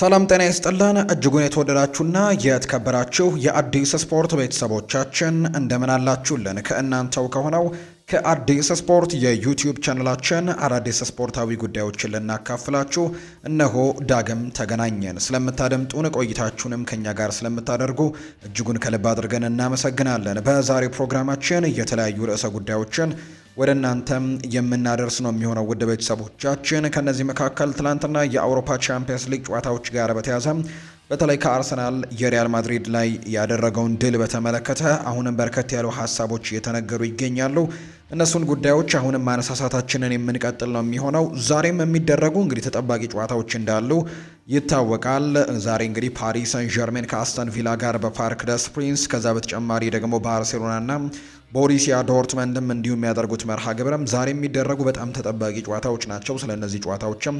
ሰላም ጤና ይስጥልን እጅጉን የተወደዳችሁና የተከበራችሁ የአዲስ ስፖርት ቤተሰቦቻችን እንደምን አላችሁልን? ከእናንተው ከሆነው ከአዲስ ስፖርት የዩቲዩብ ቻነላችን አዳዲስ ስፖርታዊ ጉዳዮችን ልናካፍላችሁ እነሆ ዳግም ተገናኘን። ስለምታደምጡን ቆይታችሁንም ከኛ ጋር ስለምታደርጉ እጅጉን ከልብ አድርገን እናመሰግናለን። በዛሬው ፕሮግራማችን የተለያዩ ርዕሰ ጉዳዮችን ወደ እናንተም የምናደርስ ነው የሚሆነው ውድ ቤተሰቦቻችን። ከእነዚህ መካከል ትላንትና የአውሮፓ ቻምፒየንስ ሊግ ጨዋታዎች ጋር በተያዘ በተለይ ከአርሰናል የሪያል ማድሪድ ላይ ያደረገውን ድል በተመለከተ አሁንም በርከት ያሉ ሀሳቦች እየተነገሩ ይገኛሉ። እነሱን ጉዳዮች አሁንም ማነሳሳታችንን የምንቀጥል ነው የሚሆነው። ዛሬም የሚደረጉ እንግዲህ ተጠባቂ ጨዋታዎች እንዳሉ ይታወቃል። ዛሬ እንግዲህ ፓሪስ ሰን ዠርሜን ከአስተን ቪላ ጋር በፓርክ ደስ ፕሪንስ፣ ከዛ በተጨማሪ ደግሞ ባርሴሎናና ቦሪሲያ ዶርትመንድም እንዲሁም የሚያደርጉት መርሃ ግብርም ዛሬ የሚደረጉ በጣም ተጠባቂ ጨዋታዎች ናቸው። ስለ እነዚህ ጨዋታዎችም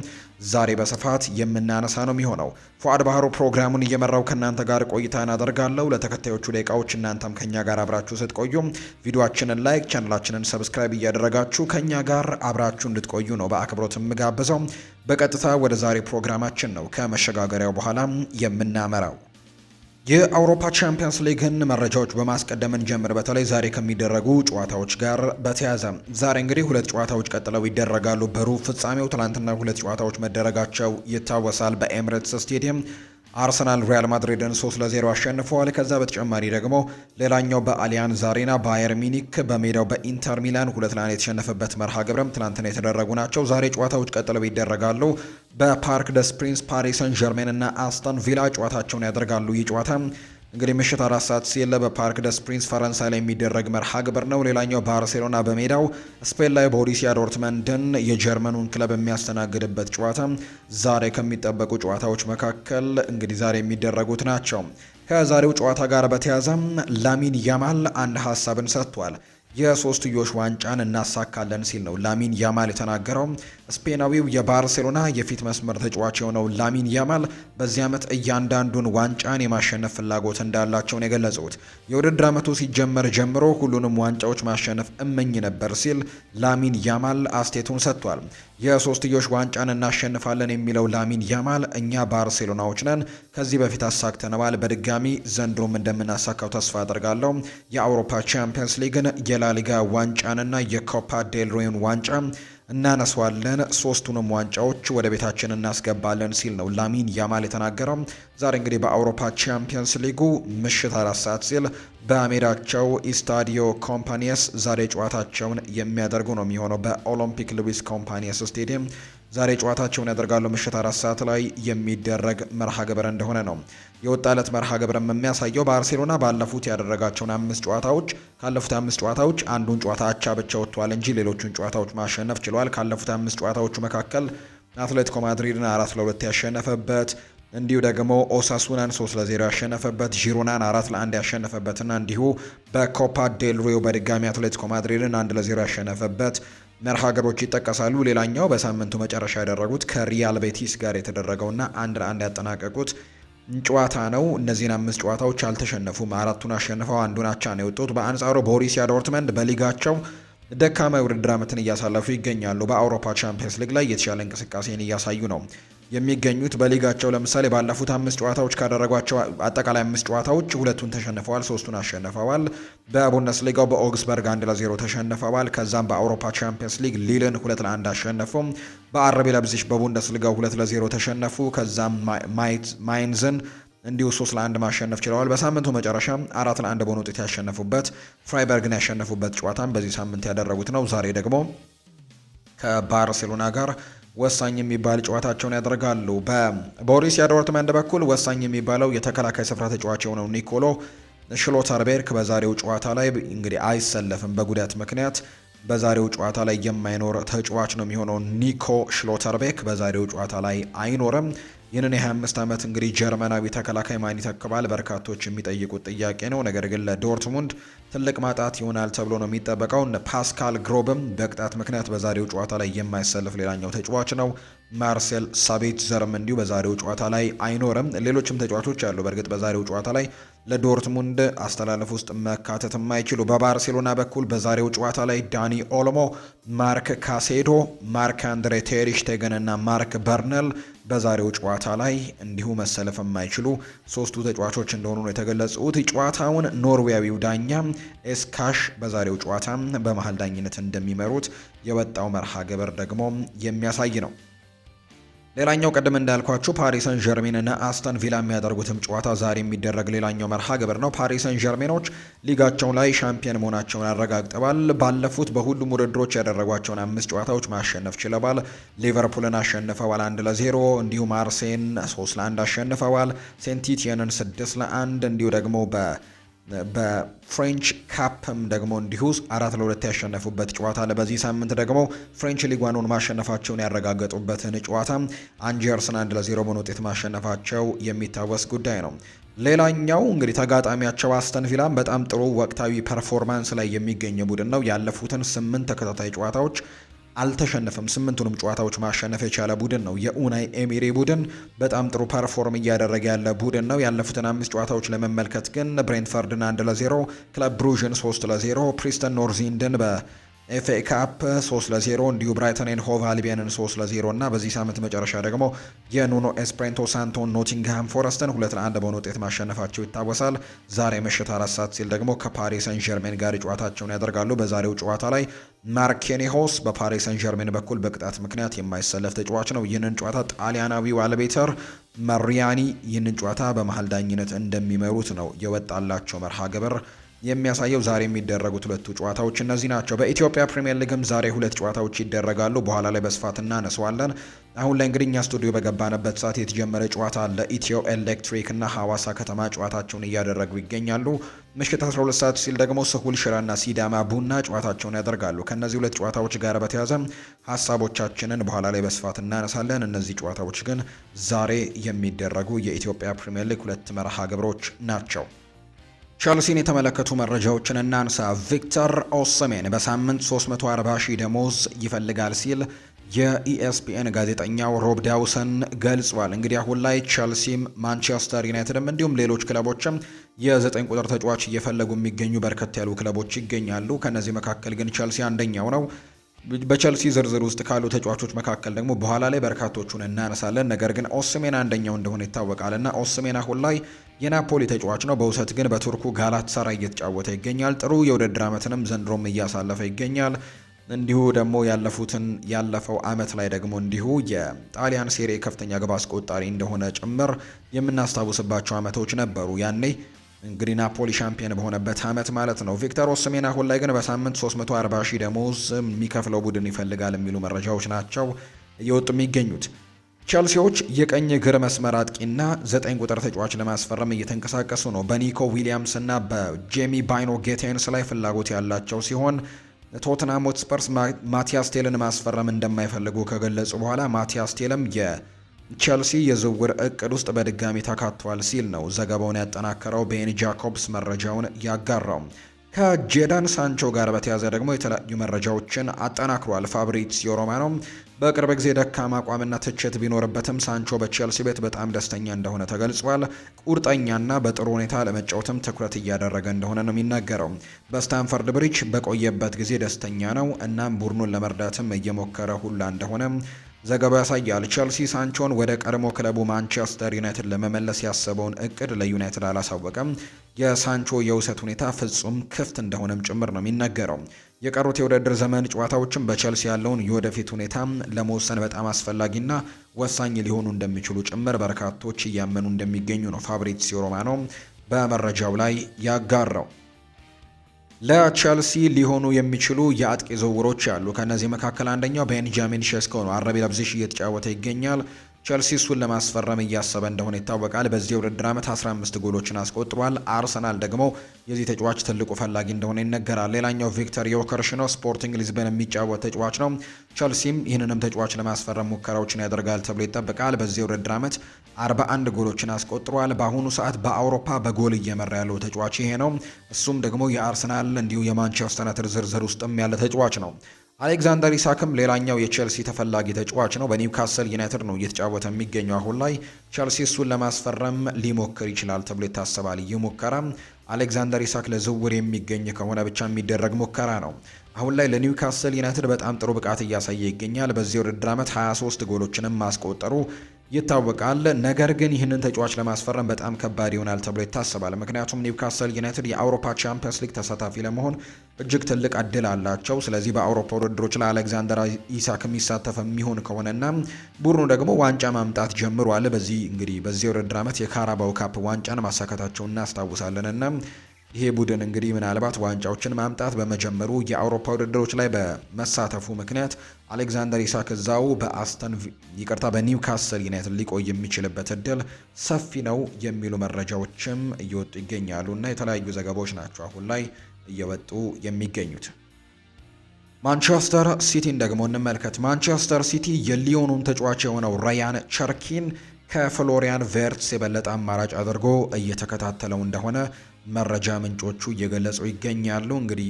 ዛሬ በስፋት የምናነሳ ነው የሚሆነው። ፏድ ባህሩ ፕሮግራሙን እየመራው ከእናንተ ጋር ቆይታ አደርጋለሁ። ለተከታዮቹ ደቂቃዎች እናንተም ከኛ ጋር አብራችሁ ስትቆዩ ቪዲዮችንን ላይክ፣ ቻነላችንን ሰብስክራይብ እያደረጋችሁ ከኛ ጋር አብራችሁ እንድትቆዩ ነው በአክብሮት የምጋብዘው። በቀጥታ ወደ ዛሬ ፕሮግራማችን ነው ከመሸጋገሪያው በኋላ የምናመራው። የአውሮፓ ቻምፒየንስ ሊግን መረጃዎች በማስቀደም ጀምር በተለይ ዛሬ ከሚደረጉ ጨዋታዎች ጋር በተያያዘ ዛሬ እንግዲህ ሁለት ጨዋታዎች ቀጥለው ይደረጋሉ። በሩብ ፍጻሜው ትናንትና ሁለት ጨዋታዎች መደረጋቸው ይታወሳል። በኤምሬትስ ስቴዲየም አርሰናል ሪያል ማድሪድን 3 ለ0 አሸንፈዋል። ከዛ በተጨማሪ ደግሞ ሌላኛው በአሊያንዝ አሬና ባየር ሚኒክ በሜዳው በኢንተር ሚላን ሁለት ለአንድ የተሸነፈበት መርሃ ግብርም ትናንትና የተደረጉ ናቸው። ዛሬ ጨዋታዎች ቀጥለው ይደረጋሉ። በፓርክ ደስ ፕሪንስ ፓሪስ ሰን እና አስተን ቪላ ጨዋታቸውን ያደርጋሉ። ይህ ጨዋታ እንግዲህ ምሽት አራት ሰዓት ሲል በፓርክ ደስ ፕሪንስ ፈረንሳይ ላይ የሚደረግ መርሃ ግብር ነው። ሌላኛው ባርሴሎና በሜዳው ስፔን ላይ ቦሩሲያ ዶርትመንድን የጀርመኑን ክለብ የሚያስተናግድበት ጨዋታ ዛሬ ከሚጠበቁ ጨዋታዎች መካከል እንግዲህ ዛሬ የሚደረጉት ናቸው። ከዛሬው ጨዋታ ጋር በተያያዘም ላሚን ያማል አንድ ሀሳብን ሰጥቷል። የሶስትዮሽ ዋንጫን እናሳካለን ሲል ነው ላሚን ያማል የተናገረው። ስፔናዊው የባርሴሎና የፊት መስመር ተጫዋች የሆነው ላሚን ያማል በዚህ ዓመት እያንዳንዱን ዋንጫን የማሸነፍ ፍላጎት እንዳላቸውን የገለጹት የውድድር ዓመቱ ሲጀመር ጀምሮ ሁሉንም ዋንጫዎች ማሸነፍ እመኝ ነበር ሲል ላሚን ያማል አስቴቱን ሰጥቷል። የሶስትዮሽ ዋንጫን እናሸንፋለን የሚለው ላሚን ያማል እኛ ባርሴሎናዎች ነን፣ ከዚህ በፊት አሳክተነዋል፣ በድጋሚ ዘንድሮም እንደምናሳካው ተስፋ አድርጋለሁ። የአውሮፓ ቻምፒየንስ ሊግን፣ የላሊጋ ዋንጫንና የኮፓ ዴልሬን ዋንጫ እናነሷለን፣ ሶስቱንም ዋንጫዎች ወደ ቤታችን እናስገባለን ሲል ነው ላሚን ያማል የተናገረው። ዛሬ እንግዲህ በአውሮፓ ቻምፒየንስ ሊጉ ምሽት አራት ሰዓት ሲል በሜዳቸው ኢስታዲዮ ኮምፓኒየስ ዛሬ ጨዋታቸውን የሚያደርጉ ነው የሚሆነው። በኦሎምፒክ ሉዊስ ኮምፓኒየስ ስቴዲየም ዛሬ ጨዋታቸውን ያደርጋሉ። ምሽት አራት ሰዓት ላይ የሚደረግ መርሃ ግብር እንደሆነ ነው የወጣለት መርሃ ግብርም የሚያሳየው ባርሴሎና ባለፉት ያደረጋቸውን አምስት ጨዋታዎች ካለፉት አምስት ጨዋታዎች አንዱን ጨዋታ አቻ ብቻ ወጥቷል እንጂ ሌሎቹን ጨዋታዎች ማሸነፍ ችሏል። ካለፉት አምስት ጨዋታዎቹ መካከል አትሌቲኮ ማድሪድን አራት ለሁለት ያሸነፈበት እንዲሁ ደግሞ ኦሳሱናን 3 ለ0 ያሸነፈበት ዢሮናን አራት ለአንድ ያሸነፈበትና እንዲሁ በኮፓ ዴል ሪዮ በድጋሚ አትሌቲኮ ማድሪድን አንድ ለ0 ያሸነፈበት መርሃ ግብሮች ይጠቀሳሉ። ሌላኛው በሳምንቱ መጨረሻ ያደረጉት ከሪያል ቤቲስ ጋር የተደረገውና አንድ ለአንድ ያጠናቀቁት ጨዋታ ነው። እነዚህን አምስት ጨዋታዎች አልተሸነፉም። አራቱን አሸንፈው አንዱን አቻ ነው የወጡት። በአንጻሩ ቦሪሲያ ዶርትመንድ በሊጋቸው ደካማ የውድድር ዓመትን እያሳለፉ ይገኛሉ። በአውሮፓ ቻምፒየንስ ሊግ ላይ የተሻለ እንቅስቃሴን እያሳዩ ነው። የሚገኙት በሊጋቸው ለምሳሌ ባለፉት አምስት ጨዋታዎች ካደረጓቸው አጠቃላይ አምስት ጨዋታዎች ሁለቱን ተሸንፈዋል፣ ሶስቱን አሸንፈዋል። በቡንደስሊጋው በኦግስበርግ አንድ ለዜሮ ተሸንፈዋል። ከዛም በአውሮፓ ቻምፒየንስ ሊግ ሊልን ሁለት ለአንድ አሸነፉ በአረቤ ለብዚሽ በቡንደስሊጋው ሁለት ለዜሮ ተሸነፉ። ከዛም ማይንዝን እንዲሁ ሶስት ለአንድ ማሸነፍ ችለዋል። በሳምንቱ መጨረሻ አራት ለአንድ በሆነ ውጤት ያሸነፉበት ፍራይበርግን ያሸነፉበት ጨዋታን በዚህ ሳምንት ያደረጉት ነው። ዛሬ ደግሞ ከባርሴሎና ጋር ወሳኝ የሚባል ጨዋታቸውን ያደርጋሉ። በቦሪሲያ ዶርትመንድ በኩል ወሳኝ የሚባለው የተከላካይ ስፍራ ተጫዋች የሆነው ኒኮሎ ሽሎተርቤርክ በዛሬው ጨዋታ ላይ እንግዲህ አይሰለፍም በጉዳት ምክንያት በዛሬው ጨዋታ ላይ የማይኖር ተጫዋች ነው የሚሆነው። ኒኮ ሽሎተርቤክ በዛሬው ጨዋታ ላይ አይኖርም። ይህንን የ25 ዓመት እንግዲህ ጀርመናዊ ተከላካይ ማን ይተክባል? በርካቶች የሚጠይቁት ጥያቄ ነው። ነገር ግን ለዶርትሙንድ ትልቅ ማጣት ይሆናል ተብሎ ነው የሚጠበቀው። ፓስካል ግሮብም በቅጣት ምክንያት በዛሬው ጨዋታ ላይ የማይሰልፍ ሌላኛው ተጫዋች ነው። ማርሴል ሳቤት ዘርም እንዲሁ በዛሬው ጨዋታ ላይ አይኖርም። ሌሎችም ተጫዋቾች አሉ በእርግጥ በዛሬው ጨዋታ ላይ ለዶርትሙንድ አስተላለፍ ውስጥ መካተት የማይችሉ በባርሴሎና በኩል በዛሬው ጨዋታ ላይ ዳኒ ኦልሞ፣ ማርክ ካሴዶ፣ ማርክ አንድሬ ቴሪሽቴገን እና ማርክ በርነል በዛሬው ጨዋታ ላይ እንዲሁ መሰለፍ የማይችሉ ሶስቱ ተጫዋቾች እንደሆኑ ነው የተገለጹት። ጨዋታውን ኖርዌያዊው ዳኛ ኤስካሽ በዛሬው ጨዋታ በመሀል ዳኝነት እንደሚመሩት የወጣው መርሃ ግብር ደግሞ የሚያሳይ ነው። ሌላኛው ቀደም እንዳልኳችሁ ፓሪሰን ጀርሜን እና አስተን ቪላ የሚያደርጉትም ጨዋታ ዛሬ የሚደረግ ሌላኛው መርሃ ግብር ነው። ፓሪሰን ጀርሜኖች ሊጋቸው ላይ ሻምፒየን መሆናቸውን አረጋግጠዋል። ባለፉት በሁሉም ውድድሮች ያደረጓቸውን አምስት ጨዋታዎች ማሸነፍ ችለዋል። ሊቨርፑልን አሸንፈዋል አንድ ለዜሮ እንዲሁም አርሴን ሶስት ለአንድ አሸንፈዋል። ሴንቲቲየንን ስድስት ለአንድ እንዲሁ ደግሞ በ በፍሬንች ካፕም ደግሞ እንዲሁ አራት ለሁለት ያሸነፉበት ጨዋታ አለ። በዚህ ሳምንት ደግሞ ፍሬንች ሊጓኑን ማሸነፋቸውን ያረጋገጡበትን ጨዋታ አንጀርስን አንድ ለዜሮ በሆነ ውጤት ማሸነፋቸው የሚታወስ ጉዳይ ነው። ሌላኛው እንግዲህ ተጋጣሚያቸው አስተን ቪላም በጣም ጥሩ ወቅታዊ ፐርፎርማንስ ላይ የሚገኝ ቡድን ነው። ያለፉትን ስምንት ተከታታይ ጨዋታዎች አልተሸነፈም። ስምንቱንም ጨዋታዎች ማሸነፍ የቻለ ቡድን ነው። የኡናይ ኤሚሬ ቡድን በጣም ጥሩ ፐርፎርም እያደረገ ያለ ቡድን ነው። ያለፉትን አምስት ጨዋታዎች ለመመልከት ግን ብሬንትፈርድን አንድ ለዜሮ፣ ክለብ ብሩዥን ሶስት ለዜሮ፣ ፕሪስተን ኖርዚንድን በ ኤፍኤ ካፕ 3 ለ0 እንዲሁ ብራይተን ኤንድ ሆቭ አልቢያንን 3 ለ0 እና በዚህ ሳምንት መጨረሻ ደግሞ የኑኖ ኤስፕሬንቶ ሳንቶን ኖቲንግሃም ፎረስትን ሁለት ለአንድ በሆነ ውጤት ማሸነፋቸው ይታወሳል። ዛሬ ምሽት አራት ሰዓት ሲል ደግሞ ከፓሪስ ሰን ዠርሜን ጋር ጨዋታቸውን ያደርጋሉ። በዛሬው ጨዋታ ላይ ማርኬኒሆስ በፓሪስ ሰን ዠርሜን በኩል በቅጣት ምክንያት የማይሰለፍ ተጫዋች ነው። ይህንን ጨዋታ ጣሊያናዊው አልቤተር መሪያኒ ይህንን ጨዋታ በመሀል ዳኝነት እንደሚመሩት ነው የወጣላቸው መርሃ ግብር የሚያሳየው ዛሬ የሚደረጉት ሁለቱ ጨዋታዎች እነዚህ ናቸው። በኢትዮጵያ ፕሪምየር ሊግም ዛሬ ሁለት ጨዋታዎች ይደረጋሉ። በኋላ ላይ በስፋት እናነሰዋለን። አሁን ላይ እንግዲህ እኛ ስቱዲዮ በገባንበት ሰዓት የተጀመረ ጨዋታ አለ። ኢትዮ ኤሌክትሪክ እና ሐዋሳ ከተማ ጨዋታቸውን እያደረጉ ይገኛሉ። ምሽት 12 ሰዓት ሲል ደግሞ ስሁል ሽረና ሲዳማ ቡና ጨዋታቸውን ያደርጋሉ። ከእነዚህ ሁለት ጨዋታዎች ጋር በተያያዘ ሀሳቦቻችንን በኋላ ላይ በስፋት እናነሳለን። እነዚህ ጨዋታዎች ግን ዛሬ የሚደረጉ የኢትዮጵያ ፕሪምየር ሊግ ሁለት መርሃ ግብሮች ናቸው። ቸልሲን የተመለከቱ መረጃዎችን እናንሳ። ቪክተር ኦሰሜን በሳምንት 340 ሺህ ደሞዝ ይፈልጋል ሲል የኢኤስፒኤን ጋዜጠኛው ሮብ ዳውሰን ገልጿል። እንግዲህ አሁን ላይ ቸልሲም ማንቸስተር ዩናይትድም እንዲሁም ሌሎች ክለቦችም የዘጠኝ ቁጥር ተጫዋች እየፈለጉ የሚገኙ በርከት ያሉ ክለቦች ይገኛሉ። ከእነዚህ መካከል ግን ቸልሲ አንደኛው ነው። በቸልሲ ዝርዝር ውስጥ ካሉ ተጫዋቾች መካከል ደግሞ በኋላ ላይ በርካቶቹን እናነሳለን። ነገር ግን ኦስሜና አንደኛው እንደሆነ ይታወቃል እና ኦስሜና አሁን ላይ የናፖሊ ተጫዋች ነው። በውሰት ግን በቱርኩ ጋላት ሰራ እየተጫወተ ይገኛል። ጥሩ የውድድር ዓመትንም ዘንድሮም እያሳለፈ ይገኛል። እንዲሁ ደግሞ ያለፉትን ያለፈው አመት ላይ ደግሞ እንዲሁ የጣሊያን ሴሪ ከፍተኛ ግብ አስቆጣሪ እንደሆነ ጭምር የምናስታውስባቸው አመቶች ነበሩ። ያኔ እንግዲህ ናፖሊ ሻምፒየን በሆነበት አመት ማለት ነው። ቪክተር ኦስሜን አሁን ላይ ግን በሳምንት 340 ሺህ ደሞዝ የሚከፍለው ቡድን ይፈልጋል የሚሉ መረጃዎች ናቸው እየወጡ የሚገኙት። ቸልሲዎች የቀኝ እግር መስመር አጥቂና ዘጠኝ ቁጥር ተጫዋች ለማስፈረም እየተንቀሳቀሱ ነው። በኒኮ ዊሊያምስ እና በጄሚ ባይኖ ጌቴንስ ላይ ፍላጎት ያላቸው ሲሆን ቶትናም ሆትስፐርስ ማቲያስ ቴልን ማስፈረም እንደማይፈልጉ ከገለጹ በኋላ ማቲያስ ቴልም የ ቸልሲ የዝውውር እቅድ ውስጥ በድጋሚ ተካቷል ሲል ነው ዘገባውን ያጠናከረው ቤን ጃኮብስ መረጃውን ያጋራው። ከጄዳን ሳንቾ ጋር በተያዘ ደግሞ የተለያዩ መረጃዎችን አጠናክሯል። ፋብሪዚዮ ሮማኖ በቅርብ ጊዜ ደካማ አቋምና ትችት ቢኖርበትም ሳንቾ በቼልሲ ቤት በጣም ደስተኛ እንደሆነ ተገልጿል። ቁርጠኛና በጥሩ ሁኔታ ለመጫወትም ትኩረት እያደረገ እንደሆነ ነው የሚነገረው። በስታንፈርድ ብሪጅ በቆየበት ጊዜ ደስተኛ ነው፣ እናም ቡድኑን ለመርዳትም እየሞከረ ሁላ እንደሆነ ዘገባው ያሳያል። ቸልሲ ሳንቾን ወደ ቀድሞ ክለቡ ማንቸስተር ዩናይትድ ለመመለስ ያሰበውን እቅድ ለዩናይትድ አላሳወቀም። የሳንቾ የውሰት ሁኔታ ፍጹም ክፍት እንደሆነም ጭምር ነው የሚነገረው። የቀሩት የውድድር ዘመን ጨዋታዎችም በቸልሲ ያለውን የወደፊት ሁኔታ ለመወሰን በጣም አስፈላጊና ወሳኝ ሊሆኑ እንደሚችሉ ጭምር በርካቶች እያመኑ እንደሚገኙ ነው ፋብሪዚዮ ሮማኖ በመረጃው ላይ ያጋራው። ለቸልሲ ሊሆኑ የሚችሉ የአጥቂ ዝውውሮች አሉ። ከእነዚህ መካከል አንደኛው ቤንጃሚን ሼስኮ ነው። አረቢ ለብዚሽ እየተጫወተ ይገኛል። ቸልሲ እሱን ለማስፈረም እያሰበ እንደሆነ ይታወቃል። በዚህ ውድድር ዓመት 15 ጎሎችን አስቆጥሯል። አርሰናል ደግሞ የዚህ ተጫዋች ትልቁ ፈላጊ እንደሆነ ይነገራል። ሌላኛው ቪክተር ዮከርሽ ነው። ስፖርቲንግ ሊዝበን የሚጫወት ተጫዋች ነው። ቸልሲም ይህንንም ተጫዋች ለማስፈረም ሙከራዎችን ያደርጋል ተብሎ ይጠበቃል። በዚህ ውድድር ዓመት 41 ጎሎችን አስቆጥሯል። በአሁኑ ሰዓት በአውሮፓ በጎል እየመራ ያለው ተጫዋች ይሄ ነው። እሱም ደግሞ የአርሰናል እንዲሁ የማንቸስተር ዩናይትድ ዝርዝር ውስጥም ያለ ተጫዋች ነው። አሌክዛንደር ኢሳክም ሌላኛው የቼልሲ ተፈላጊ ተጫዋች ነው። በኒውካስል ዩናይትድ ነው እየተጫወተ የሚገኘው አሁን ላይ። ቼልሲ እሱን ለማስፈረም ሊሞክር ይችላል ተብሎ ይታሰባል። ይህ ሙከራ አሌክዛንደር ኢሳክ ለዝውውር የሚገኝ ከሆነ ብቻ የሚደረግ ሙከራ ነው። አሁን ላይ ለኒውካስል ዩናይትድ በጣም ጥሩ ብቃት እያሳየ ይገኛል። በዚህ ውድድር ዓመት 23 ጎሎችንም ማስቆጠሩ ይታወቃል። ነገር ግን ይህንን ተጫዋች ለማስፈረም በጣም ከባድ ይሆናል ተብሎ ይታሰባል። ምክንያቱም ኒውካስል ዩናይትድ የአውሮፓ ቻምፒየንስ ሊግ ተሳታፊ ለመሆን እጅግ ትልቅ እድል አላቸው። ስለዚህ በአውሮፓ ውድድሮች ላይ አሌክዛንደር ኢሳክ የሚሳተፍ የሚሆን ከሆነና ቡድኑ ደግሞ ዋንጫ ማምጣት ጀምሯል። በዚህ እንግዲህ በዚህ ውድድር ዓመት የካራባው ካፕ ዋንጫን ማሳካታቸውን እናስታውሳለንና ይሄ ቡድን እንግዲህ ምናልባት ዋንጫዎችን ማምጣት በመጀመሩ የአውሮፓ ውድድሮች ላይ በመሳተፉ ምክንያት አሌክዛንደር ኢሳክ እዛው በአስተን ይቅርታ በኒውካስል ዩናይትድ ሊቆይ የሚችልበት እድል ሰፊ ነው የሚሉ መረጃዎችም እየወጡ ይገኛሉ እና የተለያዩ ዘገባዎች ናቸው አሁን ላይ እየወጡ የሚገኙት። ማንቸስተር ሲቲን ደግሞ እንመልከት። ማንቸስተር ሲቲ የሊዮኑን ተጫዋች የሆነው ራያን ቸርኪን ከፍሎሪያን ቬርትስ የበለጠ አማራጭ አድርጎ እየተከታተለው እንደሆነ መረጃ ምንጮቹ እየገለጹ ይገኛሉ። እንግዲህ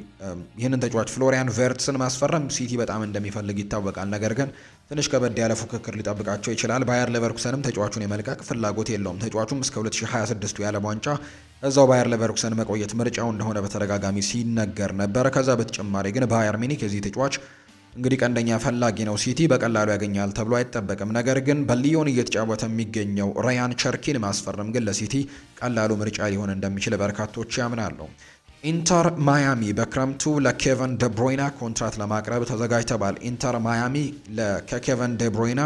ይህንን ተጫዋች ፍሎሪያን ቨርትስን ማስፈረም ሲቲ በጣም እንደሚፈልግ ይታወቃል። ነገር ግን ትንሽ ከበድ ያለ ፉክክር ሊጠብቃቸው ይችላል። ባየር ሌቨርኩሰንም ተጫዋቹን የመልቀቅ ፍላጎት የለውም። ተጫዋቹም እስከ 2026ቱ የዓለም ዋንጫ እዛው ባየር ሌቨርኩሰን መቆየት ምርጫው እንደሆነ በተደጋጋሚ ሲነገር ነበር። ከዛ በተጨማሪ ግን ባየር ሚኒክ የዚህ ተጫዋች እንግዲህ ቀንደኛ ፈላጊ ነው። ሲቲ በቀላሉ ያገኛል ተብሎ አይጠበቅም። ነገር ግን በሊዮን እየተጫወተ የሚገኘው ራያን ቸርኪን ማስፈረም ግን ለሲቲ ቀላሉ ምርጫ ሊሆን እንደሚችል በርካቶች ያምናሉ። ኢንተር ማያሚ በክረምቱ ለኬቨን ደብሮይና ኮንትራት ለማቅረብ ተዘጋጅተባል። ኢንተር ማያሚ ከኬቨን ደብሮይና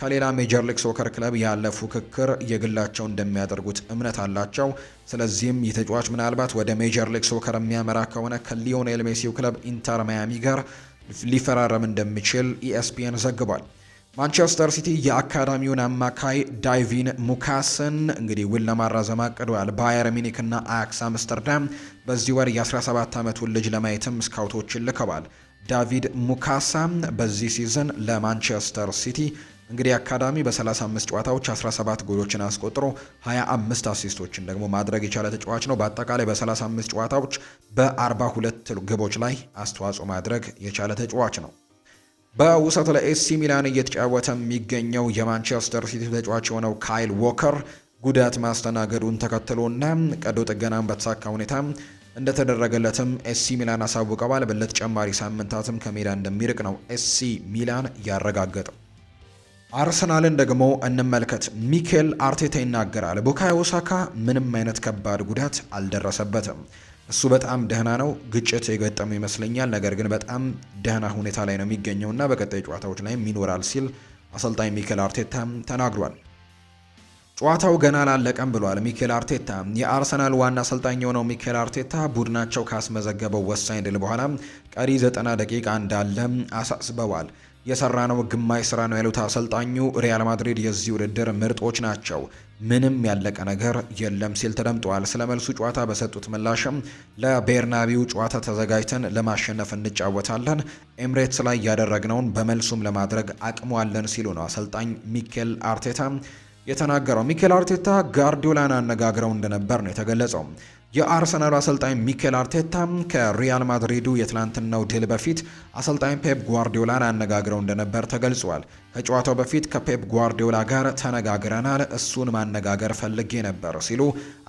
ከሌላ ሜጀር ሊግ ሶከር ክለብ ያለ ፉክክር የግላቸው እንደሚያደርጉት እምነት አላቸው። ስለዚህም የተጫዋች ምናልባት ወደ ሜጀር ሊግ ሶከር የሚያመራ ከሆነ ከሊዮኔል ሜሲው ክለብ ኢንተር ማያሚ ጋር ሊፈራረም እንደሚችል ኢኤስፒኤን e ዘግቧል። ማንቸስተር ሲቲ የአካዳሚውን አማካይ ዳይቪን ሙካስን እንግዲህ ውል ለማራዘም አቅዷል። ባየር ሚኒክ እና አያክስ አምስተርዳም በዚህ ወር የ17 ዓመቱን ልጅ ለማየትም ስካውቶችን ልከዋል። ዳቪድ ሙካሳ በዚህ ሲዝን ለማንቸስተር ሲቲ እንግዲህ አካዳሚ በ35 ጨዋታዎች 17 ጎሎችን አስቆጥሮ 25 አሲስቶችን ደግሞ ማድረግ የቻለ ተጫዋች ነው። በአጠቃላይ በ35 ጨዋታዎች በ42 ግቦች ላይ አስተዋጽኦ ማድረግ የቻለ ተጫዋች ነው። በውሰት ለኤሲ ሚላን እየተጫወተ የሚገኘው የማንቸስተር ሲቲ ተጫዋች የሆነው ካይል ዎከር ጉዳት ማስተናገዱን ተከትሎና ቀዶ ጥገናን በተሳካ ሁኔታ እንደተደረገለትም ኤሲ ሚላን አሳውቀዋል። በለተጨማሪ ሳምንታትም ከሜዳ እንደሚርቅ ነው ኤሲ ሚላን ያረጋገጠው። አርሰናልን ደግሞ እንመልከት። ሚኬል አርቴታ ይናገራል፣ ቡካዮ ኦሳካ ምንም አይነት ከባድ ጉዳት አልደረሰበትም። እሱ በጣም ደህና ነው። ግጭት የገጠመው ይመስለኛል፣ ነገር ግን በጣም ደህና ሁኔታ ላይ ነው እና በቀጣይ ጨዋታዎች ላይም ይኖራል ሲል አሰልጣኝ ሚኬል አርቴታ ተናግሯል። ጨዋታው ገና አላለቀም ብሏል ሚኬል አርቴታ። የአርሰናል ዋና አሰልጣኝ የሆነው ሚኬል አርቴታ ቡድናቸው ካስመዘገበው ወሳኝ ድል በኋላ ቀሪ ዘጠና ደቂቃ እንዳለ አሳስበዋል። የሰራ ነው ግማሽ ስራ ነው ያሉት አሰልጣኙ ሪያል ማድሪድ የዚህ ውድድር ምርጦች ናቸው፣ ምንም ያለቀ ነገር የለም ሲል ተደምጠዋል። ስለ መልሱ ጨዋታ በሰጡት ምላሽም ለቤርናቢው ጨዋታ ተዘጋጅተን ለማሸነፍ እንጫወታለን፣ ኤምሬትስ ላይ ያደረግነውን በመልሱም ለማድረግ አቅሟለን ሲሉ ነው አሰልጣኝ ሚኬል አርቴታ የተናገረው። ሚኬል አርቴታ ጓርዲዮላን አነጋግረው እንደነበር ነው የተገለጸው። የአርሰናሉ አሰልጣኝ ሚኬል አርቴታ ከሪያል ማድሪዱ የትላንትናው ድል በፊት አሰልጣኝ ፔፕ ጓርዲዮላን አነጋግረው እንደነበር ተገልጿል። ከጨዋታው በፊት ከፔፕ ጓርዲዮላ ጋር ተነጋግረናል፣ እሱን ማነጋገር ፈልጌ ነበር ሲሉ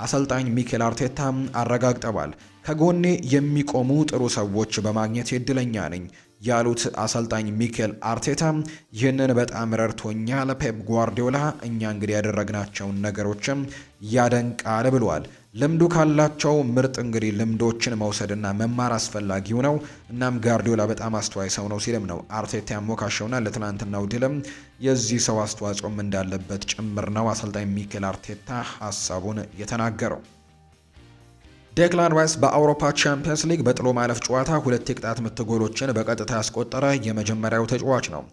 አሰልጣኝ ሚኬል አርቴታ አረጋግጠዋል። ከጎኔ የሚቆሙ ጥሩ ሰዎች በማግኘት እድለኛ ነኝ ያሉት አሰልጣኝ ሚኬል አርቴታ ይህንን በጣም ረድቶኛል ፔፕ ጓርዲዮላ እኛ እንግዲህ ያደረግናቸውን ነገሮችም ያደንቃል ብሏል። ልምዱ ካላቸው ምርጥ እንግዲህ ልምዶችን መውሰድና መማር አስፈላጊው ነው። እናም ጋርዲዮላ በጣም አስተዋይ ሰው ነው ሲልም ነው አርቴታ ያሞካሸውና ለትናንትናው ድልም የዚህ ሰው አስተዋጽኦም እንዳለበት ጭምር ነው አሰልጣኝ ሚኬል አርቴታ ሀሳቡን የተናገረው። ዴክላን ራይስ በአውሮፓ ቻምፒየንስ ሊግ በጥሎ ማለፍ ጨዋታ ሁለት የቅጣት ምት ጎሎችን በቀጥታ ያስቆጠረ የመጀመሪያው ተጫዋች ነው።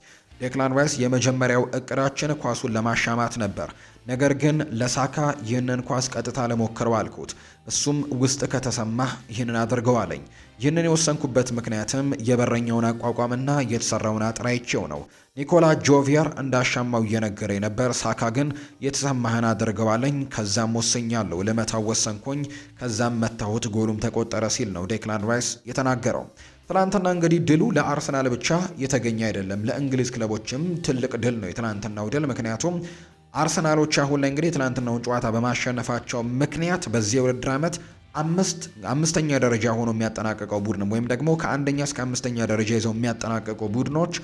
ዴክላን ራይስ የመጀመሪያው እቅዳችን ኳሱን ለማሻማት ነበር ነገር ግን ለሳካ ይህንን ኳስ ቀጥታ ለሞክረው አልኩት። እሱም ውስጥ ከተሰማህ ይህንን አድርገው አለኝ። ይህንን የወሰንኩበት ምክንያትም የበረኛውን አቋቋምና የተሰራውን አጥር አይቼው ነው። ኒኮላ ጆቪየር እንዳሻማው እየነገረ ነበር። ሳካ ግን የተሰማህን አድርገው አለኝ። ከዛም ወሰኛለሁ፣ ልመታው ወሰንኩኝ። ከዛም መታሁት፣ ጎሉም ተቆጠረ ሲል ነው ዴክላን ራይስ የተናገረው። ትላንትና እንግዲህ ድሉ ለአርሰናል ብቻ የተገኘ አይደለም፣ ለእንግሊዝ ክለቦችም ትልቅ ድል ነው የትላንትናው ድል። ምክንያቱም አርሰናሎች አሁን ላይ እንግዲህ ትናንትናውን ጨዋታ በማሸነፋቸው ምክንያት በዚህ የውድድር ዓመት አምስት አምስተኛ ደረጃ ሆኖ የሚያጠናቀቀው ቡድንም ወይም ደግሞ ከአንደኛ እስከ አምስተኛ ደረጃ ይዘው የሚያጠናቀቁ ቡድኖች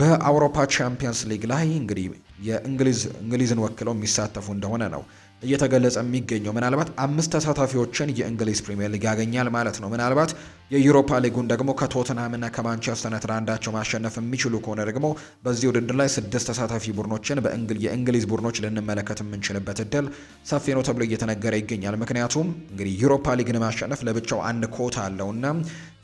በአውሮፓ ቻምፒየንስ ሊግ ላይ እንግዲህ የእንግሊዝ እንግሊዝን ወክለው የሚሳተፉ እንደሆነ ነው እየተገለጸ የሚገኘው ምናልባት አምስት ተሳታፊዎችን የእንግሊዝ ፕሪምየር ሊግ ያገኛል ማለት ነው። ምናልባት የዩሮፓ ሊጉን ደግሞ ከቶትንሃምና ከማንቸስተር ዩናይትድ አንዳቸው ማሸነፍ የሚችሉ ከሆነ ደግሞ በዚህ ውድድር ላይ ስድስት ተሳታፊ ቡድኖችን የእንግሊዝ ቡድኖች ልንመለከት የምንችልበት እድል ሰፊ ነው ተብሎ እየተነገረ ይገኛል። ምክንያቱም እንግዲህ ዩሮፓ ሊግን ማሸነፍ ለብቻው አንድ ኮታ አለውና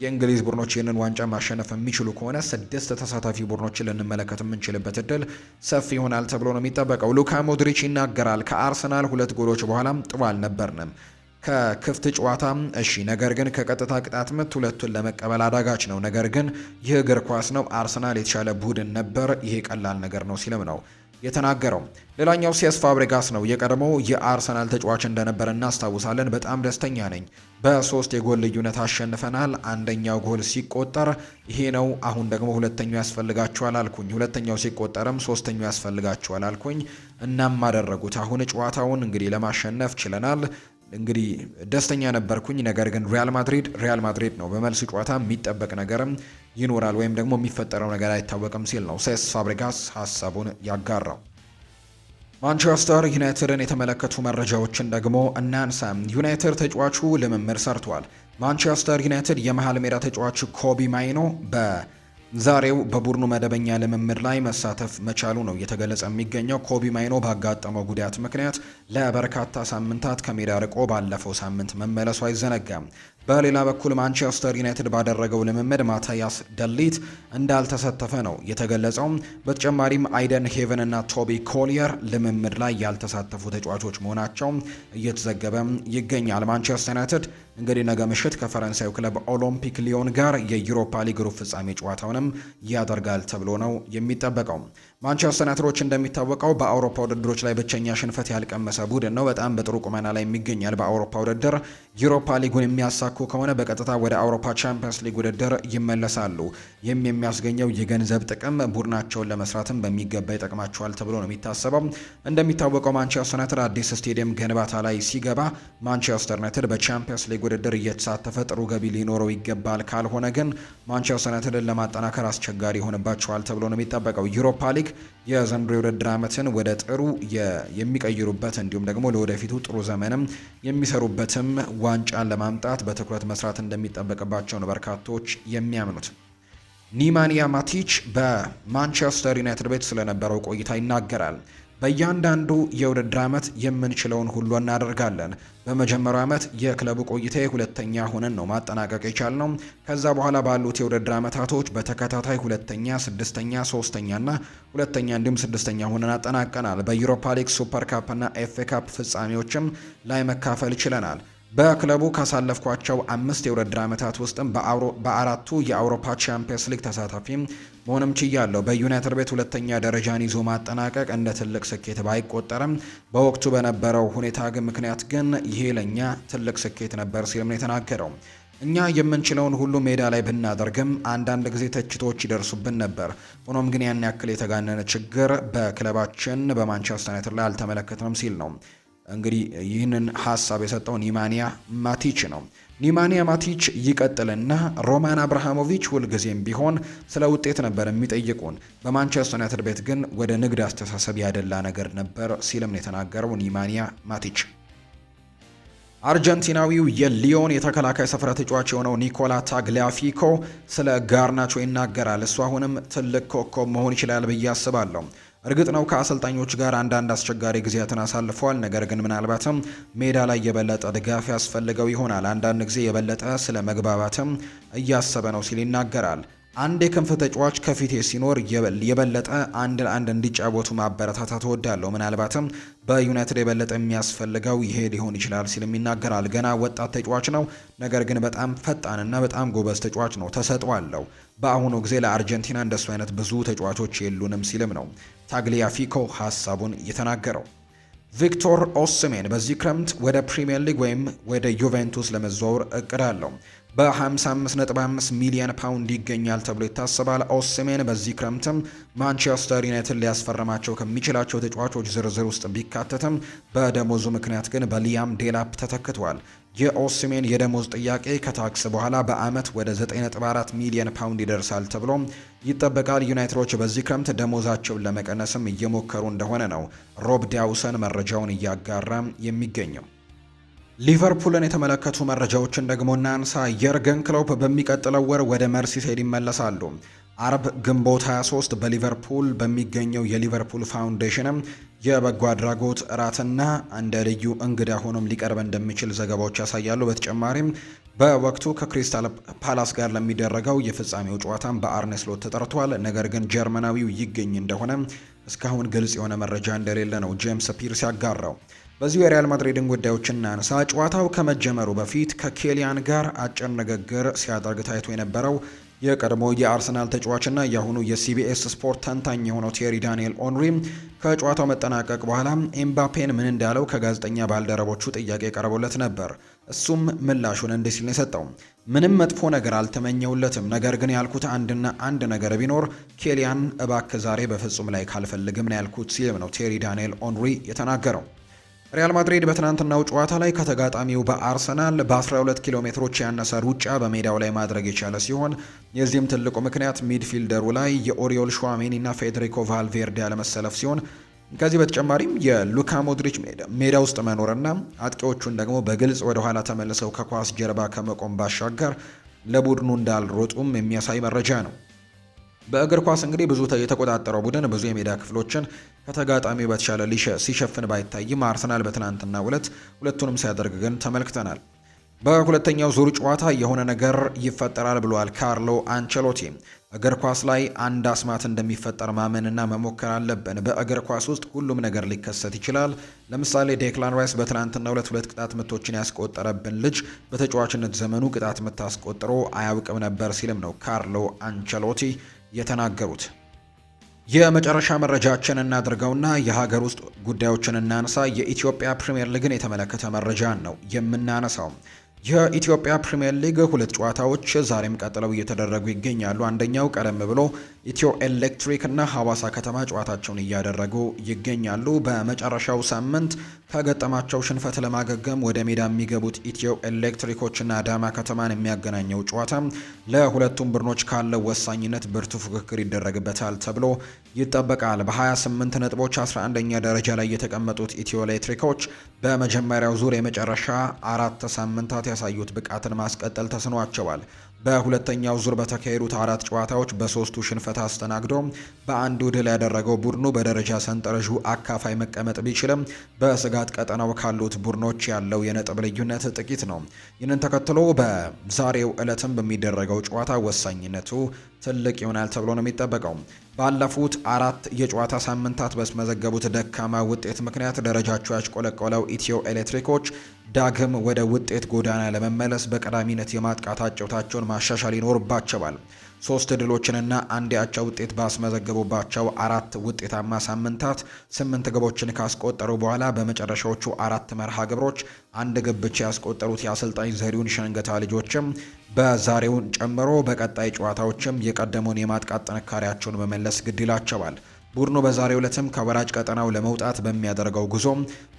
የእንግሊዝ ቡድኖች ይህንን ዋንጫ ማሸነፍ የሚችሉ ከሆነ ስድስት ተሳታፊ ቡድኖችን ልንመለከት የምንችልበት እድል ሰፊ ይሆናል ተብሎ ነው የሚጠበቀው። ሉካ ሞድሪች ይናገራል። ከአርሰናል ሁለት ጎሎች በኋላም ጥሩ አልነበርንም ከክፍት ጨዋታ እሺ፣ ነገር ግን ከቀጥታ ቅጣት ምት ሁለቱን ለመቀበል አዳጋች ነው። ነገር ግን ይህ እግር ኳስ ነው። አርሰናል የተሻለ ቡድን ነበር። ይሄ ቀላል ነገር ነው ሲልም ነው የተናገረው። ሌላኛው ሴስ ፋብሪጋስ ነው። የቀድሞው የአርሰናል ተጫዋች እንደነበረ እናስታውሳለን። በጣም ደስተኛ ነኝ። በሶስት የጎል ልዩነት አሸንፈናል። አንደኛው ጎል ሲቆጠር ይሄ ነው፣ አሁን ደግሞ ሁለተኛው ያስፈልጋችኋል አልኩኝ። ሁለተኛው ሲቆጠርም ሶስተኛው ያስፈልጋችኋል አልኩኝ። እናም አደረጉት። አሁን ጨዋታውን እንግዲህ ለማሸነፍ ችለናል። እንግዲህ ደስተኛ ነበርኩኝ። ነገር ግን ሪያል ማድሪድ ሪያል ማድሪድ ነው። በመልሱ ጨዋታ የሚጠበቅ ነገርም ይኖራል ወይም ደግሞ የሚፈጠረው ነገር አይታወቅም ሲል ነው ሴስ ፋብሪጋስ ሀሳቡን ያጋራው። ማንቸስተር ዩናይትድን የተመለከቱ መረጃዎችን ደግሞ እናንሳ። ዩናይትድ ተጫዋቹ ልምምድ ሰርቷል። ማንቸስተር ዩናይትድ የመሃል ሜዳ ተጫዋች ኮቢ ማይኖ በ ዛሬው በቡድኑ መደበኛ ልምምድ ላይ መሳተፍ መቻሉ ነው እየተገለጸ የሚገኘው። ኮቢ ማይኖ ባጋጠመው ጉዳት ምክንያት ለበርካታ ሳምንታት ከሜዳ ርቆ ባለፈው ሳምንት መመለሱ አይዘነጋም። በሌላ በኩል ማንቸስተር ዩናይትድ ባደረገው ልምምድ ማታያስ ደሊት እንዳልተሳተፈ ነው የተገለጸው። በተጨማሪም አይደን ሄቨን እና ቶቢ ኮሊየር ልምምድ ላይ ያልተሳተፉ ተጫዋቾች መሆናቸው እየተዘገበ ይገኛል። ማንቸስተር ዩናይትድ እንግዲህ ነገ ምሽት ከፈረንሳዩ ክለብ ኦሎምፒክ ሊዮን ጋር የዩሮፓ ሊግ ሩብ ፍጻሜ ጨዋታውንም ያደርጋል ተብሎ ነው የሚጠበቀው። ማንቸስተር ዩናይትዶች እንደሚታወቀው በአውሮፓ ውድድሮች ላይ ብቸኛ ሽንፈት ያልቀመሰ ቡድን ነው። በጣም በጥሩ ቁመና ላይ የሚገኛል። በአውሮፓ ውድድር ዩሮፓ ሊጉን የሚያሳኩ ከሆነ በቀጥታ ወደ አውሮፓ ቻምፒየንስ ሊግ ውድድር ይመለሳሉ። ይህም የሚያስገኘው የገንዘብ ጥቅም ቡድናቸውን ለመስራትም በሚገባ ይጠቅማቸዋል ተብሎ ነው የሚታሰበው። እንደሚታወቀው ማንቸስተር ዩናይትድ አዲስ ስቴዲየም ግንባታ ላይ ሲገባ ማንቸስተር ዩናይትድ በቻምፒየንስ ሊግ ውድድር እየተሳተፈ ጥሩ ገቢ ሊኖረው ይገባል። ካልሆነ ግን ማንቸስተር ዩናይትድን ለማጠናከር አስቸጋሪ ይሆንባቸዋል ተብሎ ነው የሚጠበቀው ዩሮፓ ሊግ ታክቲክ የዘንድሮ የውድድር ዓመትን ወደ ጥሩ የሚቀይሩበት እንዲሁም ደግሞ ለወደፊቱ ጥሩ ዘመንም የሚሰሩበትም ዋንጫን ለማምጣት በትኩረት መስራት እንደሚጠበቅባቸው ነው በርካቶች የሚያምኑት። ኒማንያ ማቲች በማንቸስተር ዩናይትድ ቤት ስለነበረው ቆይታ ይናገራል። በእያንዳንዱ የውድድር ዓመት የምንችለውን ሁሉ እናደርጋለን። በመጀመሪያው ዓመት የክለቡ ቆይታ ሁለተኛ ሆነን ነው ማጠናቀቅ የቻልነው። ከዛ በኋላ ባሉት የውድድር ዓመታቶች በተከታታይ ሁለተኛ፣ ስድስተኛ፣ ና ሁለተኛ እንዲሁም ስድስተኛ ሆነን አጠናቀናል። በዩሮፓ ሊግ፣ ሱፐር ካፕና ኤፍ ኤ ካፕ ፍጻሜዎችም ላይ መካፈል ችለናል። በክለቡ ካሳለፍኳቸው አምስት የውድድር ዓመታት ውስጥም በአራቱ የአውሮፓ ቻምፒየንስ ሊግ ተሳታፊ መሆንም ችያለሁ። በዩናይትድ ቤት ሁለተኛ ደረጃን ይዞ ማጠናቀቅ እንደ ትልቅ ስኬት ባይቆጠርም በወቅቱ በነበረው ሁኔታ ግን ምክንያት ግን ይሄ ለእኛ ትልቅ ስኬት ነበር ሲልም ነው የተናገረው። እኛ የምንችለውን ሁሉ ሜዳ ላይ ብናደርግም አንዳንድ ጊዜ ትችቶች ይደርሱብን ነበር። ሆኖም ግን ያን ያክል የተጋነነ ችግር በክለባችን በማንቸስተር ዩናይትድ ላይ አልተመለከትንም ሲል ነው እንግዲህ ይህንን ሀሳብ የሰጠው ኒማንያ ማቲች ነው። ኒማንያ ማቲች ይቀጥልና ሮማን አብርሃሞቪች ሁልጊዜም ቢሆን ስለ ውጤት ነበር የሚጠይቁን፣ በማንቸስተር ዩናይትድ ቤት ግን ወደ ንግድ አስተሳሰብ ያደላ ነገር ነበር ሲልም ነው የተናገረው ኒማንያ ማቲች። አርጀንቲናዊው የሊዮን የተከላካይ ስፍራ ተጫዋች የሆነው ኒኮላ ታግሊያፊኮ ስለ ጋርናቾ ይናገራል። እሱ አሁንም ትልቅ ኮከብ መሆን ይችላል ብዬ አስባለሁ እርግጥ ነው ከአሰልጣኞች ጋር አንዳንድ አስቸጋሪ ጊዜያትን አሳልፏል። ነገር ግን ምናልባትም ሜዳ ላይ የበለጠ ድጋፍ ያስፈልገው ይሆናል። አንዳንድ ጊዜ የበለጠ ስለ መግባባትም እያሰበ ነው ሲል ይናገራል። አንድ የክንፍ ተጫዋች ከፊቴ ሲኖር የበለጠ አንድ ለአንድ እንዲጫወቱ ማበረታታት እወዳለሁ። ምናልባትም በዩናይትድ የበለጠ የሚያስፈልገው ይሄ ሊሆን ይችላል ሲልም ይናገራል። ገና ወጣት ተጫዋች ነው፣ ነገር ግን በጣም ፈጣንና በጣም ጎበዝ ተጫዋች ነው። ተሰጥኦ አለው። በአሁኑ ጊዜ ለአርጀንቲና እንደሱ አይነት ብዙ ተጫዋቾች የሉንም ሲልም ነው ታግሊያፊኮ ሀሳቡን የተናገረው። ቪክቶር ኦስሜን በዚህ ክረምት ወደ ፕሪምየር ሊግ ወይም ወደ ዩቬንቱስ ለመዘዋወር እቅድ አለው። በ55.5 ሚሊዮን ፓውንድ ይገኛል ተብሎ ይታሰባል። ኦስሜን በዚህ ክረምትም ማንቸስተር ዩናይትድ ሊያስፈርማቸው ከሚችላቸው ተጫዋቾች ዝርዝር ውስጥ ቢካተትም በደሞዙ ምክንያት ግን በሊያም ዴላፕ ተተክቷል። የኦስሜን የደሞዝ ጥያቄ ከታክስ በኋላ በአመት ወደ 9.4 ሚሊዮን ፓውንድ ይደርሳል ተብሎ ይጠበቃል። ዩናይትዶች በዚህ ክረምት ደሞዛቸውን ለመቀነስም እየሞከሩ እንደሆነ ነው ሮብ ዳውሰን መረጃውን እያጋራ የሚገኘው። ሊቨርፑልን የተመለከቱ መረጃዎችን ደግሞ እናንሳ። የርገን ክሎፕ በሚቀጥለው ወር ወደ መርሲሴድ ይመለሳሉ። አርብ ግንቦት 23 በሊቨርፑል በሚገኘው የሊቨርፑል ፋውንዴሽንም የበጎ አድራጎት እራትና እንደ ልዩ እንግዳ ሆኖም ሊቀርብ እንደሚችል ዘገባዎች ያሳያሉ። በተጨማሪም በወቅቱ ከክሪስታል ፓላስ ጋር ለሚደረገው የፍጻሜው ጨዋታም በአርኔስሎት ተጠርቷል። ነገር ግን ጀርመናዊው ይገኝ እንደሆነ እስካሁን ግልጽ የሆነ መረጃ እንደሌለ ነው ጄምስ ፒርስ ያጋራው። በዚሁ የሪያል ማድሪድን ጉዳዮች እናንሳ። ጨዋታው ከመጀመሩ በፊት ከኬሊያን ጋር አጭር ንግግር ሲያደርግ ታይቶ የነበረው የቀድሞ የአርሰናል ተጫዋችና የአሁኑ የሲቢኤስ ስፖርት ተንታኝ የሆነው ቴሪ ዳንኤል ኦንሪ ከጨዋታው መጠናቀቅ በኋላ ኤምባፔን ምን እንዳለው ከጋዜጠኛ ባልደረቦቹ ጥያቄ ቀርቦለት ነበር። እሱም ምላሹን እንዲህ ሲል ነው የሰጠው። ምንም መጥፎ ነገር አልተመኘውለትም። ነገር ግን ያልኩት አንድና አንድ ነገር ቢኖር ኬሊያን እባክ ዛሬ በፍጹም ላይ ካልፈልግም ነው ያልኩት ሲልም ነው ቴሪ ዳንኤል ኦንሪ የተናገረው። ሪያል ማድሪድ በትናንትናው ጨዋታ ላይ ከተጋጣሚው በአርሰናል በ12 ኪሎ ሜትሮች ያነሰ ሩጫ በሜዳው ላይ ማድረግ የቻለ ሲሆን የዚህም ትልቁ ምክንያት ሚድፊልደሩ ላይ የኦሪዮል ሸዋሜኒና ፌዴሪኮ ቫልቬርዴ ያለመሰለፍ ሲሆን ከዚህ በተጨማሪም የሉካ ሞድሪች ሜዳ ውስጥ መኖርና አጥቂዎቹን ደግሞ በግልጽ ወደ ኋላ ተመልሰው ከኳስ ጀርባ ከመቆም ባሻገር ለቡድኑ እንዳልሮጡም የሚያሳይ መረጃ ነው። በእግር ኳስ እንግዲህ ብዙ የተቆጣጠረው ቡድን ብዙ የሜዳ ክፍሎችን ከተጋጣሚ በተሻለ ሲሸፍን ባይታይም አርሰናል በትናንትና ዕለት ሁለቱንም ሲያደርግ ግን ተመልክተናል። በሁለተኛው ዙር ጨዋታ የሆነ ነገር ይፈጠራል ብሏል ካርሎ አንቸሎቲ። እግር ኳስ ላይ አንድ አስማት እንደሚፈጠር ማመንና መሞከር አለብን። በእግር ኳስ ውስጥ ሁሉም ነገር ሊከሰት ይችላል። ለምሳሌ ዴክላን ራይስ በትናንትና ሁለት ሁለት ቅጣት ምቶችን ያስቆጠረብን ልጅ በተጫዋችነት ዘመኑ ቅጣት ምት አስቆጥሮ አያውቅም ነበር ሲልም ነው ካርሎ አንቸሎቲ የተናገሩት። የመጨረሻ መረጃችን እናድርገውና የሀገር ውስጥ ጉዳዮችን እናነሳ። የኢትዮጵያ ፕሪምየር ሊግን የተመለከተ መረጃን ነው የምናነሳው። የኢትዮጵያ ፕሪምየር ሊግ ሁለት ጨዋታዎች ዛሬም ቀጥለው እየተደረጉ ይገኛሉ። አንደኛው ቀደም ብሎ ኢትዮ ኤሌክትሪክ እና ሀዋሳ ከተማ ጨዋታቸውን እያደረጉ ይገኛሉ። በመጨረሻው ሳምንት ከገጠማቸው ሽንፈት ለማገገም ወደ ሜዳ የሚገቡት ኢትዮ ኤሌክትሪኮችና አዳማ ከተማን የሚያገናኘው ጨዋታ ለሁለቱም ቡድኖች ካለው ወሳኝነት ብርቱ ፉክክር ይደረግበታል ተብሎ ይጠበቃል። በ28 ነጥቦች 11ኛ ደረጃ ላይ የተቀመጡት ኢትዮ ኤሌክትሪኮች በመጀመሪያው ዙር የመጨረሻ አራት ሳምንታት ያሳዩት ብቃትን ማስቀጠል ተስኗቸዋል። በሁለተኛው ዙር በተካሄዱት አራት ጨዋታዎች በሶስቱ ሽንፈት አስተናግዶ በአንዱ ድል ያደረገው ቡድኑ በደረጃ ሰንጠረዡ አካፋይ መቀመጥ ቢችልም በስጋት ቀጠናው ካሉት ቡድኖች ያለው የነጥብ ልዩነት ጥቂት ነው። ይህንን ተከትሎ በዛሬው ዕለትም በሚደረገው ጨዋታ ወሳኝነቱ ትልቅ ይሆናል ተብሎ ነው የሚጠበቀው። ባለፉት አራት የጨዋታ ሳምንታት በስመዘገቡት ደካማ ውጤት ምክንያት ደረጃቸው ያሽቆለቆለው ኢትዮ ኤሌክትሪኮች ዳግም ወደ ውጤት ጎዳና ለመመለስ በቀዳሚነት የማጥቃት አጨዋወታቸውን ማሻሻል ይኖርባቸዋል። ሶስት ድሎችንና አንድ የአቻ ውጤት ባስመዘገቡባቸው አራት ውጤታማ ሳምንታት ስምንት ግቦችን ካስቆጠሩ በኋላ በመጨረሻዎቹ አራት መርሃ ግብሮች አንድ ግብ ብቻ ያስቆጠሩት የአሰልጣኝ ዘሪሁን ሸንገታ ልጆችም በዛሬውን ጨምሮ በቀጣይ ጨዋታዎችም የቀደመውን የማጥቃት ጥንካሬያቸውን መመለስ ግድ ይላቸዋል። ቡድኑ በዛሬው ዕለትም ከወራጅ ቀጠናው ለመውጣት በሚያደርገው ጉዞ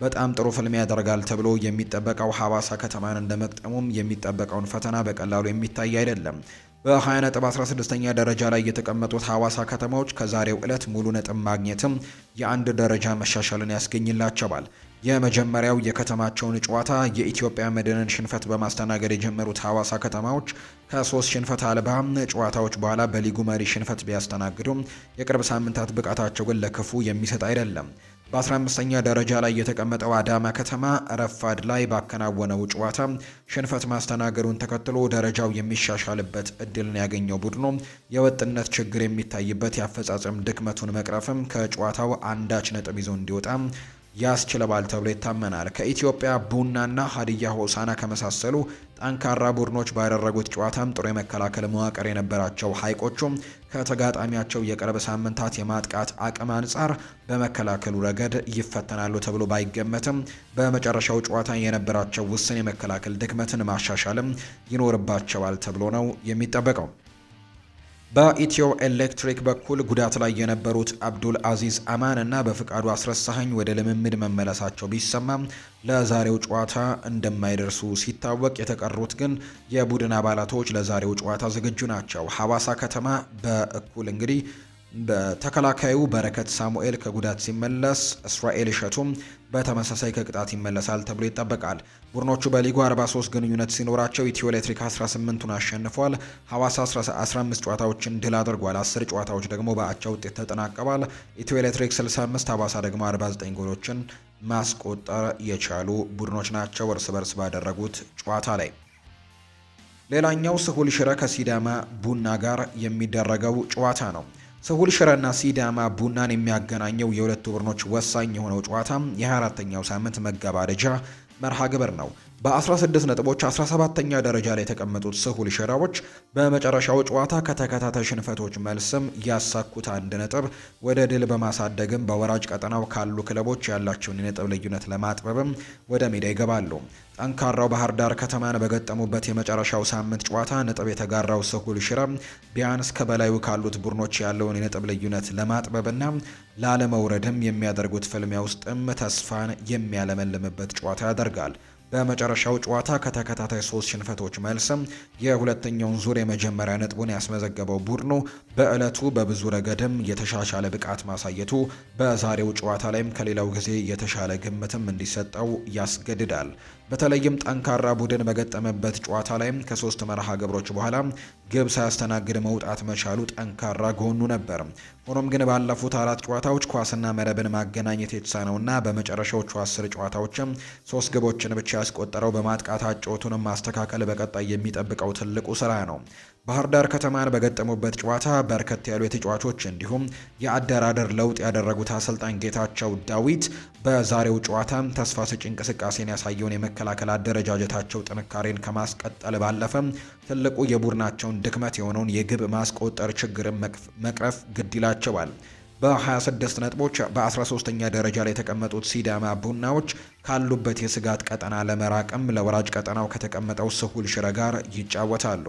በጣም ጥሩ ፍልሚያ ያደርጋል ተብሎ የሚጠበቀው ሐዋሳ ከተማን እንደመቅጠሙም የሚጠበቀውን ፈተና በቀላሉ የሚታይ አይደለም። በ20 ነጥብ 16ኛ ደረጃ ላይ የተቀመጡት ሐዋሳ ከተማዎች ከዛሬው ዕለት ሙሉ ነጥብ ማግኘትም የአንድ ደረጃ መሻሻልን ያስገኝላቸዋል። የመጀመሪያው የከተማቸውን ጨዋታ የኢትዮጵያ መድንን ሽንፈት በማስተናገድ የጀመሩት ሐዋሳ ከተማዎች ከሶስት ሽንፈት አልባ ጨዋታዎች በኋላ በሊጉ መሪ ሽንፈት ቢያስተናግዱም የቅርብ ሳምንታት ብቃታቸው ግን ለክፉ የሚሰጥ አይደለም። በ15ኛ ደረጃ ላይ የተቀመጠው አዳማ ከተማ ረፋድ ላይ ባከናወነው ጨዋታ ሽንፈት ማስተናገዱን ተከትሎ ደረጃው የሚሻሻልበት እድልን ያገኘው ቡድኑ የወጥነት ችግር የሚታይበት የአፈጻጸም ድክመቱን መቅረፍም ከጨዋታው አንዳች ነጥብ ይዞ እንዲወጣ ያስችለዋል ተብሎ ይታመናል። ከኢትዮጵያ ቡናና ሀዲያ ሆሳና ከመሳሰሉ ጠንካራ ቡድኖች ባደረጉት ጨዋታም ጥሩ የመከላከል መዋቅር የነበራቸው ሀይቆቹም ከተጋጣሚያቸው የቅርብ ሳምንታት የማጥቃት አቅም አንጻር በመከላከሉ ረገድ ይፈተናሉ ተብሎ ባይገመትም በመጨረሻው ጨዋታ የነበራቸው ውስን የመከላከል ድክመትን ማሻሻልም ይኖርባቸዋል ተብሎ ነው የሚጠበቀው። በኢትዮ ኤሌክትሪክ በኩል ጉዳት ላይ የነበሩት አብዱል አዚዝ አማን እና በፍቃዱ አስረሳህኝ ወደ ልምምድ መመለሳቸው ቢሰማም ለዛሬው ጨዋታ እንደማይደርሱ ሲታወቅ፣ የተቀሩት ግን የቡድን አባላቶች ለዛሬው ጨዋታ ዝግጁ ናቸው። ሐዋሳ ከተማ በእኩል እንግዲህ በተከላካዩ በረከት ሳሙኤል ከጉዳት ሲመለስ እስራኤል እሸቱም በተመሳሳይ ከቅጣት ይመለሳል ተብሎ ይጠበቃል። ቡድኖቹ በሊጉ 43 ግንኙነት ሲኖራቸው ኢትዮ ኤሌክትሪክ 18ቱን አሸንፏል። ሐዋሳ 15 ጨዋታዎችን ድል አድርጓል። 10 ጨዋታዎች ደግሞ በአቻ ውጤት ተጠናቀዋል። ኢትዮ ኤሌክትሪክ 65 ሐዋሳ ደግሞ 49 ጎሎችን ማስቆጠር የቻሉ ቡድኖች ናቸው እርስ በርስ ባደረጉት ጨዋታ ላይ። ሌላኛው ስሁል ሽረ ከሲዳማ ቡና ጋር የሚደረገው ጨዋታ ነው። ስሁል ሽራና ሲዳማ ቡናን የሚያገናኘው የሁለቱ ቡድኖች ወሳኝ የሆነው ጨዋታ የ24ተኛው ሳምንት መገባደጃ መርሃ ግብር ነው። በ16 ነጥቦች 17ኛ ደረጃ ላይ የተቀመጡት ስሁል ሽራቦች በመጨረሻው ጨዋታ ከተከታታይ ሽንፈቶች መልስም ያሳኩት አንድ ነጥብ ወደ ድል በማሳደግም በወራጅ ቀጠናው ካሉ ክለቦች ያላቸውን የነጥብ ልዩነት ለማጥበብም ወደ ሜዳ ይገባሉ። ጠንካራው ባህር ዳር ከተማን በገጠሙበት የመጨረሻው ሳምንት ጨዋታ ነጥብ የተጋራው ስሁል ሽረ ቢያንስ ከበላዩ ካሉት ቡድኖች ያለውን የነጥብ ልዩነት ለማጥበብና ላለመውረድም የሚያደርጉት ፍልሚያ ውስጥም ተስፋን የሚያለመልምበት ጨዋታ ያደርጋል። በመጨረሻው ጨዋታ ከተከታታይ ሶስት ሽንፈቶች መልስም የሁለተኛውን ዙር የመጀመሪያ ነጥቡን ያስመዘገበው ቡድኑ በዕለቱ በብዙ ረገድም የተሻሻለ ብቃት ማሳየቱ በዛሬው ጨዋታ ላይም ከሌላው ጊዜ የተሻለ ግምትም እንዲሰጠው ያስገድዳል። በተለይም ጠንካራ ቡድን በገጠመበት ጨዋታ ላይም ከሶስት መርሃ ግብሮች በኋላ ግብ ሳያስተናግድ መውጣት መቻሉ ጠንካራ ጎኑ ነበር። ሆኖም ግን ባለፉት አራት ጨዋታዎች ኳስና መረብን ማገናኘት የተሳነውና በመጨረሻዎቹ አስር ጨዋታዎችም ሶስት ግቦችን ብቻ ያስቆጠረው በማጥቃት አጨዋወቱንም ማስተካከል በቀጣይ የሚጠብቀው ትልቁ ስራ ነው። ባህር ዳር ከተማን በገጠሙበት ጨዋታ በርከት ያሉ የተጫዋቾች እንዲሁም የአደራደር ለውጥ ያደረጉት አሰልጣኝ ጌታቸው ዳዊት በዛሬው ጨዋታ ተስፋ ሰጪ እንቅስቃሴን ያሳየውን የመከላከል አደረጃጀታቸው ጥንካሬን ከማስቀጠል ባለፈም ትልቁ የቡድናቸውን ድክመት የሆነውን የግብ ማስቆጠር ችግርን መቅረፍ ግድ ይላቸዋል። በ26 ነጥቦች በ13ኛ ደረጃ ላይ የተቀመጡት ሲዳማ ቡናዎች ካሉበት የስጋት ቀጠና ለመራቅም ለወራጅ ቀጠናው ከተቀመጠው ስሁል ሽረ ጋር ይጫወታሉ።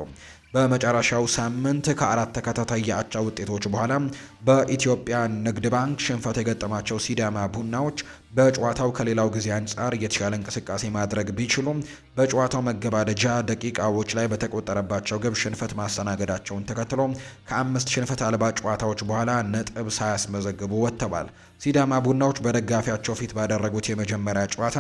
በመጨረሻው ሳምንት ከአራት ተከታታይ የአቻ ውጤቶች በኋላ በኢትዮጵያ ንግድ ባንክ ሽንፈት የገጠማቸው ሲዳማ ቡናዎች በጨዋታው ከሌላው ጊዜ አንጻር የተሻለ እንቅስቃሴ ማድረግ ቢችሉም በጨዋታው መገባደጃ ደቂቃዎች ላይ በተቆጠረባቸው ግብ ሽንፈት ማስተናገዳቸውን ተከትሎ ከአምስት ሽንፈት አልባ ጨዋታዎች በኋላ ነጥብ ሳያስመዘግቡ ወጥተዋል። ሲዳማ ቡናዎች በደጋፊያቸው ፊት ባደረጉት የመጀመሪያ ጨዋታ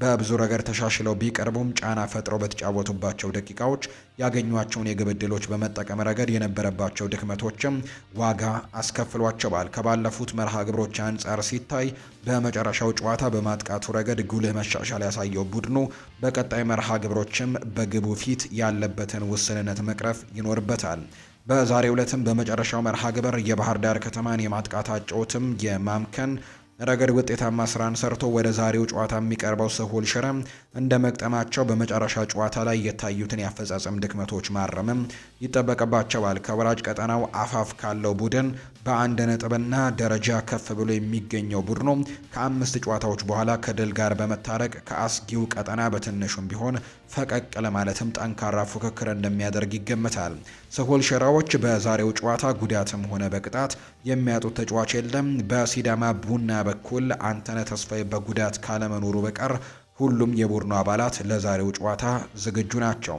በብዙ ረገድ ተሻሽለው ቢቀርቡም ጫና ፈጥረው በተጫወቱባቸው ደቂቃዎች ያገኟቸውን የግብ ዕድሎች በመጠቀም ረገድ የነበረባቸው ድክመቶችም ዋጋ አስከፍሏቸዋል። ከባለፉት መርሃ ግብሮች አንጻር ሲታይ በመጨረሻው ጨዋታ በማጥቃቱ ረገድ ጉልህ መሻሻል ያሳየው ቡድኑ በቀጣይ መርሃ ግብሮችም በግቡ ፊት ያለበትን ውስንነት መቅረፍ ይኖርበታል። በዛሬው ዕለትም በመጨረሻው መርሃ ግብር የባህር ዳር ከተማን የማጥቃት አጨዋወትም የማምከን ረገድ ውጤታማ ስራን ሰርቶ ወደ ዛሬው ጨዋታ የሚቀርበው ሰሆል ሽረ እንደ መቅጠማቸው በመጨረሻ ጨዋታ ላይ የታዩትን የአፈጻጸም ድክመቶች ማረምም ይጠበቅባቸዋል። ከወራጅ ቀጠናው አፋፍ ካለው ቡድን በአንድ ነጥብና ደረጃ ከፍ ብሎ የሚገኘው ቡድኑ ከአምስት ጨዋታዎች በኋላ ከድል ጋር በመታረቅ ከአስጊው ቀጠና በትንሹም ቢሆን ፈቀቅ ለማለትም ጠንካራ ፉክክር እንደሚያደርግ ይገመታል። ሰሆል ሽራዎች በዛሬው ጨዋታ ጉዳትም ሆነ በቅጣት የሚያጡት ተጫዋች የለም። በሲዳማ ቡና በኩል አንተነህ ተስፋዬ በጉዳት ካለመኖሩ በቀር ሁሉም የቡድኑ አባላት ለዛሬው ጨዋታ ዝግጁ ናቸው።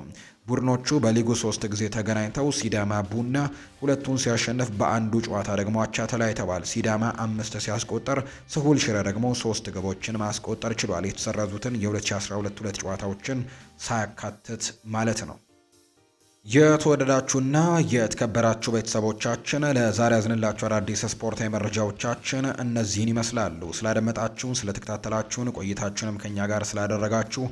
ቡድኖቹ በሊጉ ሶስት ጊዜ ተገናኝተው ሲዳማ ቡና ሁለቱን ሲያሸንፍ በአንዱ ጨዋታ ደግሞ አቻ ተለያይተዋል። ሲዳማ አምስት ሲያስቆጠር ስሁል ሽረ ደግሞ ሶስት ግቦችን ማስቆጠር ችሏል። የተሰረዙትን የ2012 ሁለት ጨዋታዎችን ሳያካትት ማለት ነው። የተወደዳችሁና የተከበራችሁ ቤተሰቦቻችን ለዛሬ ያዝንላችሁ አዳዲስ ስፖርታዊ መረጃዎቻችን እነዚህን ይመስላሉ። ስላደመጣችሁን፣ ስለተከታተላችሁን ቆይታችሁንም ከኛ ጋር ስላደረጋችሁ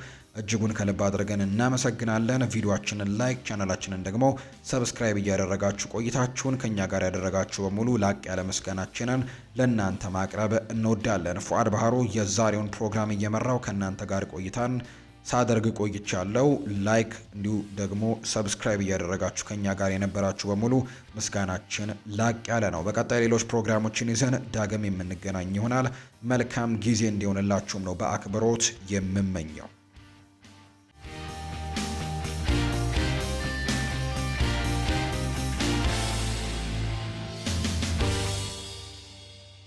እጅጉን ከልብ አድርገን እናመሰግናለን። ቪዲዮችንን ላይክ፣ ቻናላችንን ደግሞ ሰብስክራይብ እያደረጋችሁ ቆይታችሁን ከኛ ጋር ያደረጋችሁ በሙሉ ላቅ ያለ ምስጋናችንን ለእናንተ ማቅረብ እንወዳለን። ፉአድ ባህሩ የዛሬውን ፕሮግራም እየመራው ከእናንተ ጋር ቆይታን ሳደርግ ቆይቻለሁ። ላይክ እንዲሁ ደግሞ ሰብስክራይብ እያደረጋችሁ ከኛ ጋር የነበራችሁ በሙሉ ምስጋናችን ላቅ ያለ ነው። በቀጣይ ሌሎች ፕሮግራሞችን ይዘን ዳግም የምንገናኝ ይሆናል። መልካም ጊዜ እንዲሆንላችሁም ነው በአክብሮት የምመኘው።